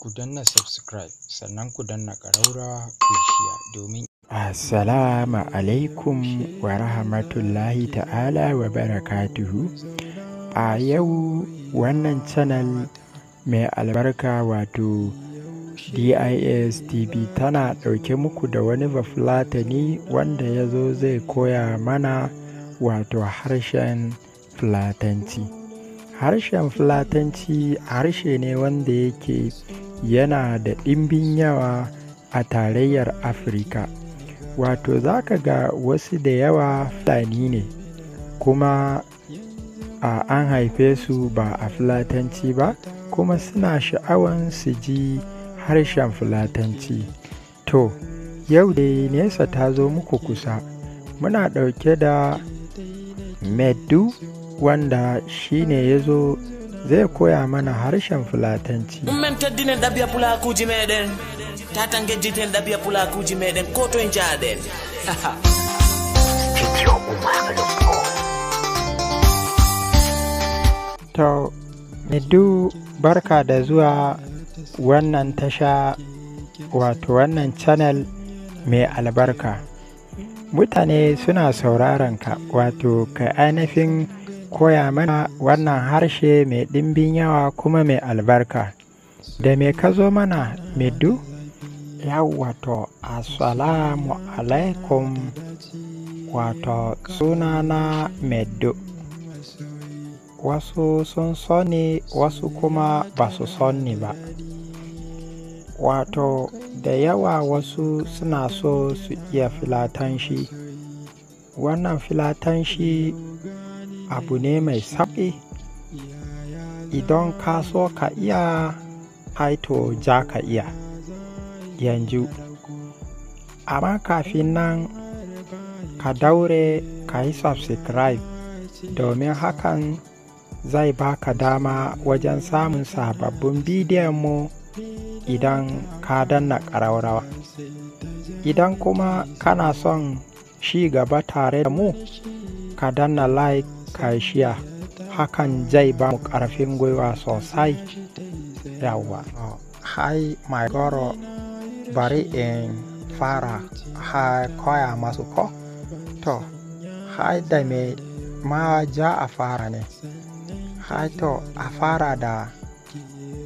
ku danna subscribe sannan ku danna ƙaraurawa ku shiya domin Assalamu alaikum wa rahmatullahi ta'ala wa barakatuhu a yau wannan channel mai albarka wato DIS TV tana ɗauke muku da wani bafulatani wanda ya zo zai koya mana wato harshen fulatanci. harshen fulatanci harshe ne wanda yake yana da ɗimbin yawa a tarayyar afirka wato za ka ga wasu da yawa fulani ne kuma a an haife su ba a fulatanci ba kuma suna sha'awan su ji harshen fulatanci to yau da nesa ta zo muku kusa muna ɗauke da medu wanda shi ne ya zo zai koya mana harshen fulatanci. men teddinen ɗabiya pulakuji meɗen tatan gejjiten ɗabiya pulakuji meɗen ko toye jaɗen to midu barka da zuwa wannan tasha wato wannan channel mai albarka mutane suna sauraron ka wato ka ainihin koya mana wannan harshe mai ɗimbin yawa kuma mai albarka da mai ka zo mana middu wato assalamu alaikum wato sunana medu wasu sun sani wasu kuma ba su sani ba wato da yawa wasu suna so su iya filatanshi wannan filatanshi abu ne mai sauƙi idan ka so ka iya haito ja ka iya yanzu amma kafin nan ka daure ka yi subscribe domin hakan zai baka dama wajen samun sababbin bidiyon mu idan ka danna ƙaraurawa idan kuma kana son shi gaba tare da mu ka danna like kashiya hakan zai ba mu ƙarfin gwiwa sosai yawa hai mai goro bari in fara ha koya masu ko to hai da me ma ja a fara ne hai to a fara da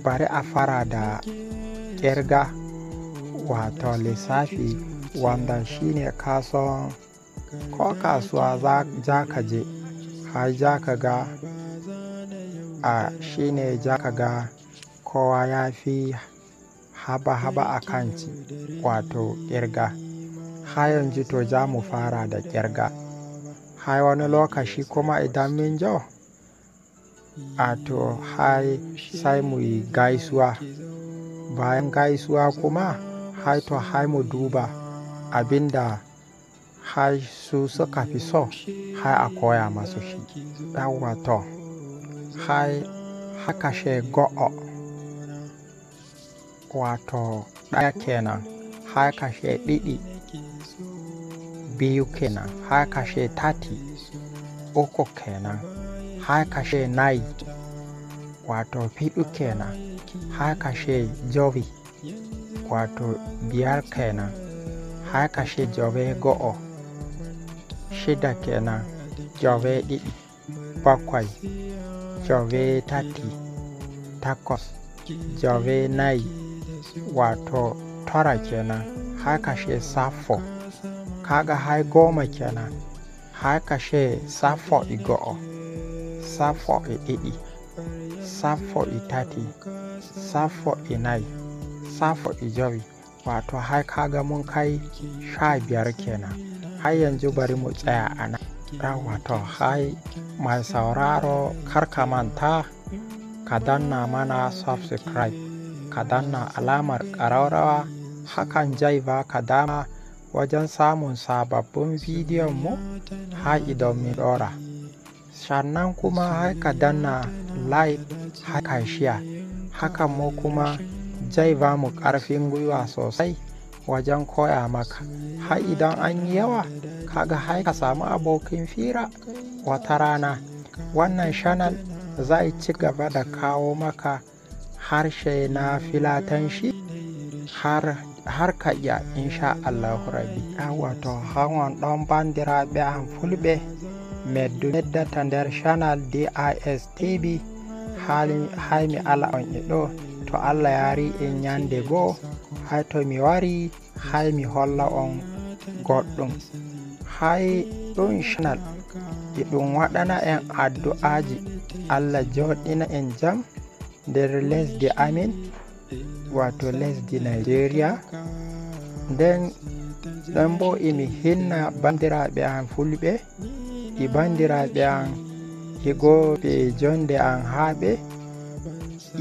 bari a fara da kirga wato lissafi wanda shine kason ko kasuwa za ka je a ja ka ga a shine ja ka ga kowa ya fi haba-haba a kan wato kirga. har yanzu to za mu fara da kirga. Hai wani lokaci kuma idan mun jo a to hai sai mu yi gaisuwa bayan gaisuwa kuma Hai to hai mu duba abinda da har su suka fi so har a koya masu shi yawwa to har haka she go'o wato ɗaya kenan har kashe ɗiɗi biyu kenan har kashe tati uku kenan har kashe nai wato fiɗu kenan har kashe jovi wato biyar kenan har kashe jove go'o shida kenan jove ɗiɗi bakwai jove tati takwas jove nai, wato tara kenan haka she safo kaga hai goma kenan haka she safo igo go'o safo e ɗiɗi safo e tati safo e nai, safo e jowi wato hai kaga mun kai sha biyar kenan har yanzu bari mu tsaya a nan wato hai mai sauraro kar ka manta ka danna mana subscribe ka danna alamar ƙararrawa hakan zai ka dama wajen samun sababbin bidiyon mu haƙi domin dora sannan kuma har ka danna like hakan shiya hakan mu kuma zai ba mu ƙarfin gwiwa sosai wajen koya maka har idan an yi yawa kaga har ka samu abokin fira wata rana wannan shanal zai ci gaba da kawo maka harshe na filatanshi har har ka iya insha Allahu rabi wato hawan ɗon bandira be an fulɓe medda tander channel dis tv haimi ala on to allah yari in yande goo hay to mi wari hay mi holla on goɗɗum hay ɗon chanal e ɗum waɗana en addu'aji allah joɗɗina en jam nder lesdi amin wato lesdi nigeria nden ɗon bo emi hinna bandiraɓe an fulɓe e bandiraɓe an higoɓe jonde an haaɓe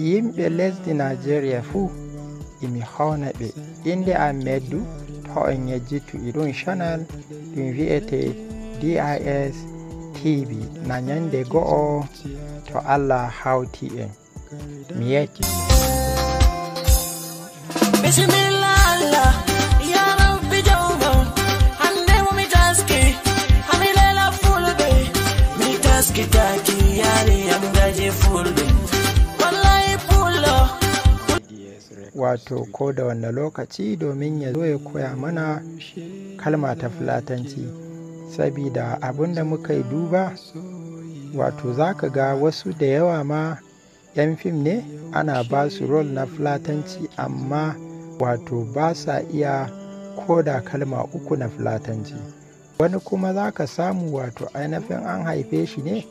yimɓe lesdi nigeria fuu emi hawna be inde am meddu to on yejjittuɗi ɗum channel ɗum wi'ete dis tv na ñande go'o to allah hawti en mi yetti wato ko da wanne lokaci domin ya zo ya koya mana kalma ta fulatanci sabida abin da muka yi duba wato za ka ga wasu da yawa ma 'yan fim ne ana ba su rol na fulatanci amma wato ba sa iya da kalma uku na fulatanci wani kuma za ka samu wato ainihin an haife shi ne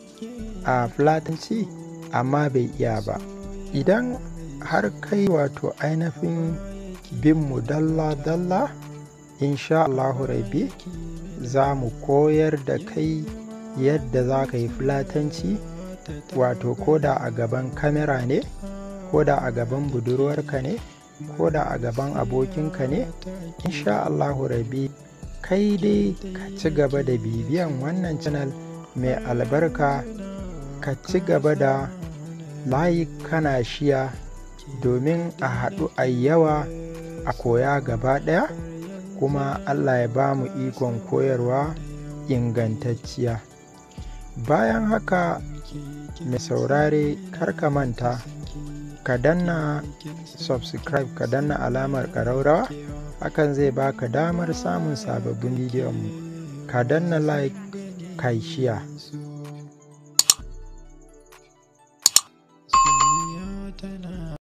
a fulatanci amma bai iya ba idan har kai wato ainihin bin mu dalla-dalla insha Allahu rabi za mu koyar da kai yadda za ka yi fulatanci wato koda a gaban kamera ne koda a gaban budurwarka ne koda a gaban abokinka ne insha Allahu rabi kai dai ka ci gaba da bibiyan wannan channel mai albarka ka ci gaba da layi kana shiya domin a haɗu a yawa a koya gaba ɗaya kuma Allah ya ba mu ikon koyarwa ingantacciya. Bayan haka mai saurare karka manta ka danna subscribe ka danna alamar ƙaraurawa hakan zai baka damar samun sababbin bidiyon mu ka danna like kai shiya.